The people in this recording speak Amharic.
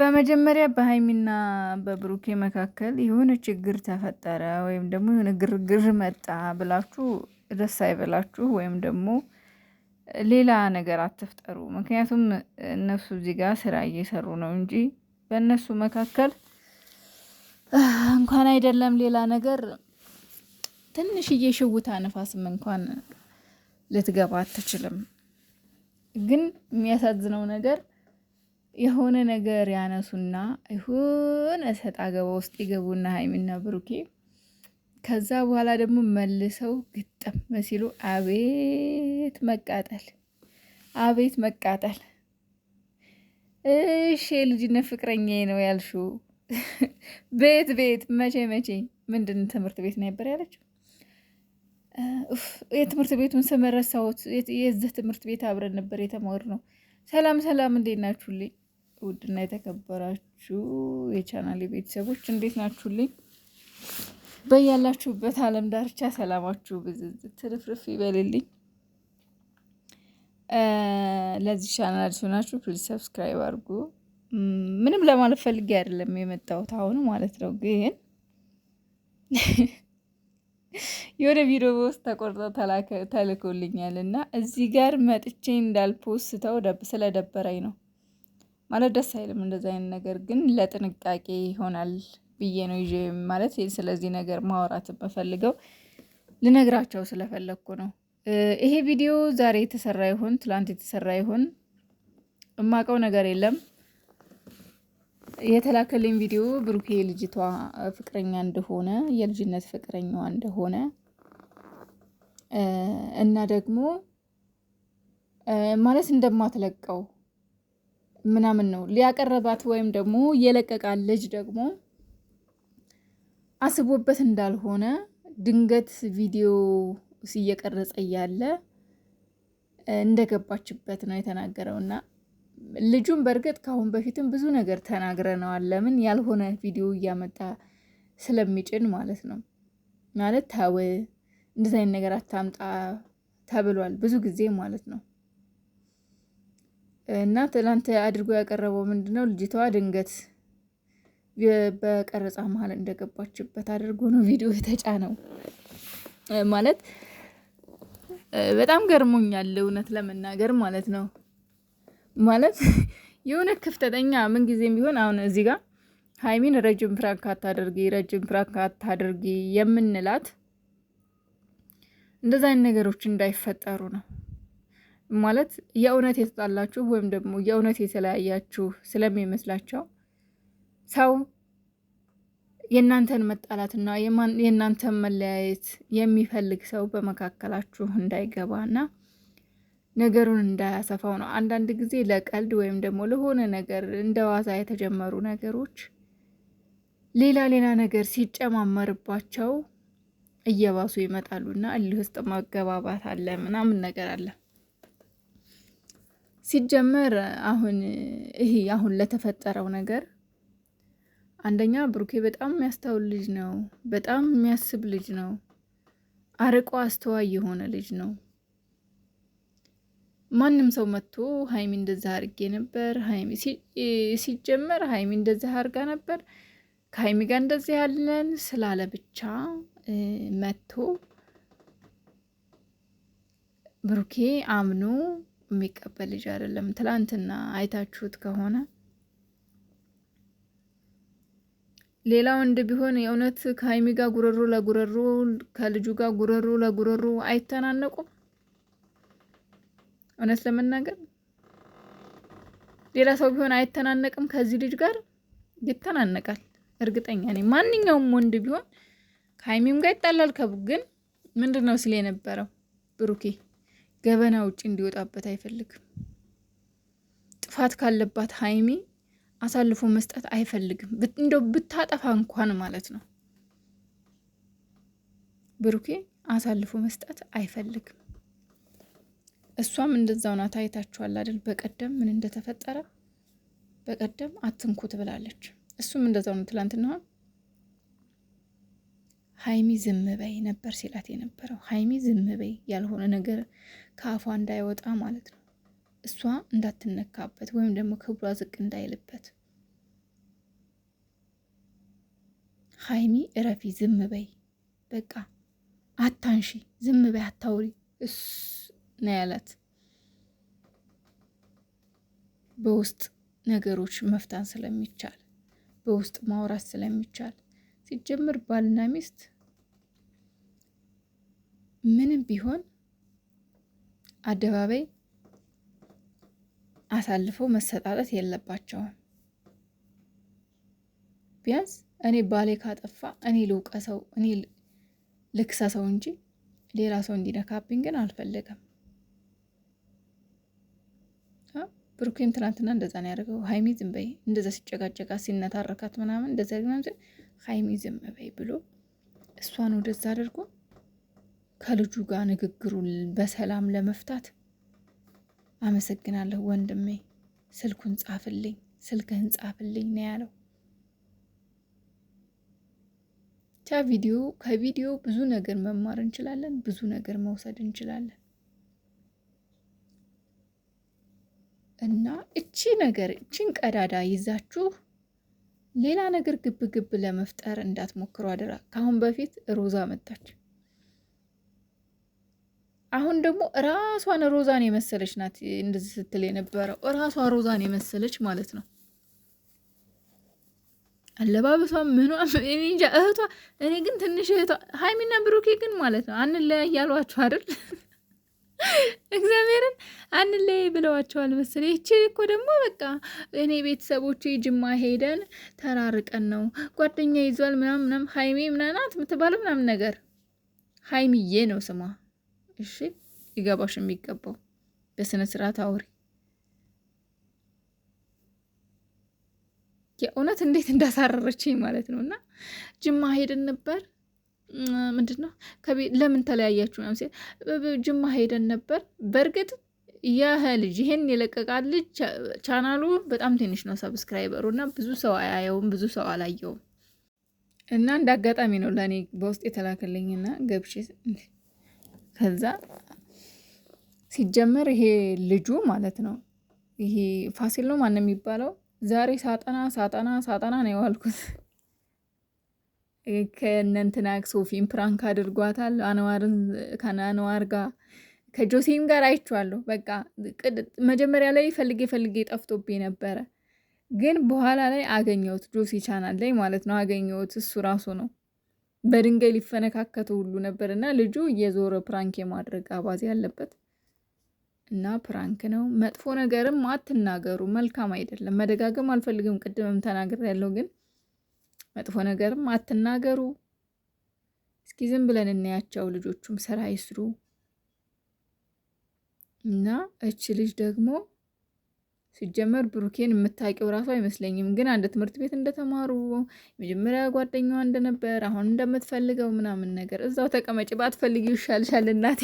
በመጀመሪያ በሀይሚና በብሩኬ መካከል የሆነ ችግር ተፈጠረ ወይም ደግሞ የሆነ ግርግር መጣ ብላችሁ ደስ አይበላችሁ፣ ወይም ደግሞ ሌላ ነገር አትፍጠሩ። ምክንያቱም እነሱ እዚህ ጋር ስራ እየሰሩ ነው እንጂ በእነሱ መካከል እንኳን አይደለም ሌላ ነገር ትንሽዬ ሽውታ ነፋስም እንኳን ልትገባ አትችልም። ግን የሚያሳዝነው ነገር የሆነ ነገር ያነሱና ይሁን እሰጥ አገባ ውስጥ ይገቡና ሀይሚና ብሩኬ ከዛ በኋላ ደግሞ መልሰው ግጥም ሲሉ አቤት መቃጠል፣ አቤት መቃጠል። እሺ የልጅነት ፍቅረኛ ነው ያልሹ ቤት ቤት መቼ መቼ ምንድን ትምህርት ቤት ነበር ያለችው? የትምህርት ቤቱን ስም ረሳሁት። የዚህ ትምህርት ቤት አብረን ነበር የተማርነው። ሰላም ሰላም፣ እንዴት ናችሁልኝ? ውድና የተከበራችሁ የቻናሌ ቤተሰቦች እንዴት ናችሁልኝ? በያላችሁበት ዓለም ዳርቻ ሰላማችሁ ብዝዝ ትርፍርፍ ይበልልኝ። ለዚህ ቻናል ሲሆናችሁ ፕሊዝ ሰብስክራይብ አድርጉ። ምንም ለማለት ፈልጌ አይደለም የመጣሁት አሁን ማለት ነው። ግን የሆነ ቪዲዮ በውስጥ ተቆርጦ ተልኮልኛል እና እዚህ ጋር መጥቼ እንዳልፖስተው ስለደበረኝ ነው ማለት ደስ አይልም። እንደዚ አይነት ነገር ግን ለጥንቃቄ ይሆናል ብዬ ነው ይዤ ማለት ስለዚህ ነገር ማውራት የምፈልገው ልነግራቸው ስለፈለግኩ ነው። ይሄ ቪዲዮ ዛሬ የተሰራ ይሆን ትላንት የተሰራ ይሁን እማቀው ነገር የለም። የተላከልኝ ቪዲዮ ብሩኬ ልጅቷ ፍቅረኛ እንደሆነ የልጅነት ፍቅረኛዋ እንደሆነ እና ደግሞ ማለት እንደማትለቀው ምናምን ነው ሊያቀረባት ወይም ደግሞ የለቀቃት ልጅ ደግሞ አስቦበት እንዳልሆነ ድንገት ቪዲዮ እየቀረጸ እያለ እንደገባችበት ነው የተናገረው እና ልጁም በእርግጥ ከአሁን በፊትም ብዙ ነገር ተናግረነዋል። ለምን ያልሆነ ቪዲዮ እያመጣ ስለሚጭን ማለት ነው። ማለት ተው እንደዚህ አይነት ነገር አታምጣ ተብሏል ብዙ ጊዜ ማለት ነው። እና ትላንት አድርጎ ያቀረበው ምንድነው? ልጅቷ ድንገት በቀረጻ መሀል እንደገባችበት አድርጎ ነው ቪዲዮ የተጫነው። ማለት በጣም ገርሞኛል፣ እውነት ለመናገር ማለት ነው። ማለት የሆነ ክፍተተኛ ምን ጊዜም ቢሆን አሁን እዚህ ጋር ሀይሚን ረጅም ፍራንክ አታደርጊ፣ ረጅም ፍራንክ አታደርጊ የምንላት እንደዛ አይነት ነገሮች እንዳይፈጠሩ ነው። ማለት የእውነት የተጣላችሁ ወይም ደግሞ የእውነት የተለያያችሁ ስለሚመስላቸው ሰው የእናንተን መጣላትና የእናንተን መለያየት የሚፈልግ ሰው በመካከላችሁ እንዳይገባና ነገሩን እንዳያሰፋው ነው። አንዳንድ ጊዜ ለቀልድ ወይም ደግሞ ለሆነ ነገር እንደ ዋዛ የተጀመሩ ነገሮች ሌላ ሌላ ነገር ሲጨማመርባቸው እየባሱ ይመጣሉና እልህ ውስጥ መገባባት አለ ምናምን ነገር አለ። ሲጀመር አሁን ይሄ አሁን ለተፈጠረው ነገር አንደኛ ብሩኬ በጣም የሚያስተውል ልጅ ነው። በጣም የሚያስብ ልጅ ነው። አርቆ አስተዋይ የሆነ ልጅ ነው። ማንም ሰው መጥቶ ሀይሚ እንደዛ አርጌ ነበር፣ ሀይሚ ሲጀመር ሀይሚ እንደዛ አርጋ ነበር፣ ከሀይሚ ጋር እንደዚህ ያለን ስላለ ብቻ መጥቶ ብሩኬ አምኖ የሚቀበል ልጅ አይደለም። ትላንትና አይታችሁት ከሆነ ሌላ ወንድ ቢሆን የእውነት ከሀይሚ ጋር ጉረሮ ለጉረሮ ከልጁ ጋር ጉረሮ ለጉረሮ አይተናነቁም። እውነት ለመናገር ሌላ ሰው ቢሆን አይተናነቅም። ከዚህ ልጅ ጋር ይተናነቃል፣ እርግጠኛ ነኝ። ማንኛውም ወንድ ቢሆን ከሀይሚም ጋር ይጣላል። ከቡ ግን ምንድን ነው ሲል የነበረው ብሩኬ ገበና ውጭ እንዲወጣበት አይፈልግም። ጥፋት ካለባት ሀይሚ አሳልፎ መስጠት አይፈልግም። እንደው ብታጠፋ እንኳን ማለት ነው ብሩኬ አሳልፎ መስጠት አይፈልግም። እሷም እንደዛው ናት። አይታችኋል አይደል? በቀደም ምን እንደተፈጠረ በቀደም አትንኩት ብላለች። እሱም እንደዛው ነው። ትላንትና ሀይሚ ዝም በይ ነበር ሲላት የነበረው። ሀይሚ ዝም በይ ያልሆነ ነገር ከአፏ እንዳይወጣ ማለት ነው፣ እሷ እንዳትነካበት ወይም ደግሞ ክብሯ ዝቅ እንዳይልበት። ሀይሚ እረፊ፣ ዝም በይ በቃ አታንሺ፣ ዝም በይ አታውሪ እስ ነው ያላት። በውስጥ ነገሮች መፍታን ስለሚቻል በውስጥ ማውራት ስለሚቻል ሲጀምር ባልና ሚስት ምንም ቢሆን አደባባይ አሳልፈው መሰጣጠት የለባቸውም። ቢያንስ እኔ ባሌ ካጠፋ እኔ ልውቀሰው፣ እኔ ልክሰሰው እንጂ ሌላ ሰው እንዲነካብኝ ግን አልፈልግም። ብሩኬም ትናንትና እንደዛ ነው ያደርገው። ሀይሚ ዝም በይ እንደዛ ሲጨቃጨቃ ሲነታረካት ምናምን እንደዛ ሀይሚ ዝም በይ ብሎ እሷን ወደዛ አድርጎ ከልጁ ጋር ንግግሩን በሰላም ለመፍታት አመሰግናለሁ ወንድሜ፣ ስልኩን ጻፍልኝ፣ ስልክህን ጻፍልኝ ነው ያለው። ቻ ቪዲዮ ከቪዲዮ ብዙ ነገር መማር እንችላለን፣ ብዙ ነገር መውሰድ እንችላለን። እና እቺ ነገር እቺን ቀዳዳ ይዛችሁ ሌላ ነገር ግብ ግብ ለመፍጠር እንዳትሞክሩ አደራ። ከአሁን በፊት ሮዛ መጣች። አሁን ደግሞ ራሷን ሮዛን የመሰለች ናት እንደዚህ ስትል የነበረው ራሷ ሮዛን የመሰለች ማለት ነው። አለባበሷ ምኗ እንጃ እህቷ። እኔ ግን ትንሽ እህቷ ሀይሚና ብሩኬ ግን ማለት ነው አንለያ ያሏቸው አይደል? እግዚአብሔርን አንለይ ብለዋቸዋል መሰለኝ። ይቺ እኮ ደግሞ በቃ እኔ ቤተሰቦቼ ጅማ ሄደን ተራርቀን ነው ጓደኛ ይዟል ምናም ምናም ሀይሜ ምናናት የምትባለው ምናምን ነገር ሀይሚዬ ነው ስሟ እሺ ይገባሽ የሚገባው በስነ ስርዓት አውሪ። የእውነት እንዴት እንዳሳረረችኝ ማለት ነው። እና ጅማ ሄደን ነበር ምንድን ነው ለምን ተለያያችሁ? ጅማ ሄደን ነበር። በእርግጥ ያህ ልጅ ይሄን የለቀቃት ልጅ ቻናሉ በጣም ትንሽ ነው ሰብስክራይበሩ፣ እና ብዙ ሰው አያየውም፣ ብዙ ሰው አላየውም። እና እንደ አጋጣሚ ነው ለእኔ በውስጥ የተላከልኝና ገብቼ ከዛ ሲጀመር ይሄ ልጁ ማለት ነው ይሄ ፋሲል ነው ማን የሚባለው ዛሬ ሳጠና ሳጠና ሳጠና ነው የዋልኩት። ከእነንትና ሶፊን ፕራንክ አድርጓታል። አነዋርን ከአነዋር ጋር ከጆሴም ጋር አይቼዋለሁ። በቃ መጀመሪያ ላይ ፈልጌ ፈልጌ ጠፍቶብኝ ነበረ፣ ግን በኋላ ላይ አገኘሁት። ጆሴ ቻናል ላይ ማለት ነው አገኘሁት። እሱ ራሱ ነው በድንጋይ ሊፈነካከቱ ሁሉ ነበር እና ልጁ የዞረ ፕራንክ የማድረግ አባዜ ያለበት እና ፕራንክ ነው። መጥፎ ነገርም አትናገሩ፣ መልካም አይደለም። መደጋገም አልፈልግም። ቅድምም ተናግር ያለው ግን መጥፎ ነገርም አትናገሩ። እስኪ ዝም ብለን እናያቸው። ልጆቹም ስራ ይስሩ እና እች ልጅ ደግሞ ሲጀመር ብሩኬን የምታውቂው ራሱ አይመስለኝም። ግን አንድ ትምህርት ቤት እንደተማሩ የመጀመሪያ ጓደኛዋ እንደነበር አሁን እንደምትፈልገው ምናምን ነገር እዛው ተቀመጭ፣ ባትፈልጊው ይሻልሻል እናቴ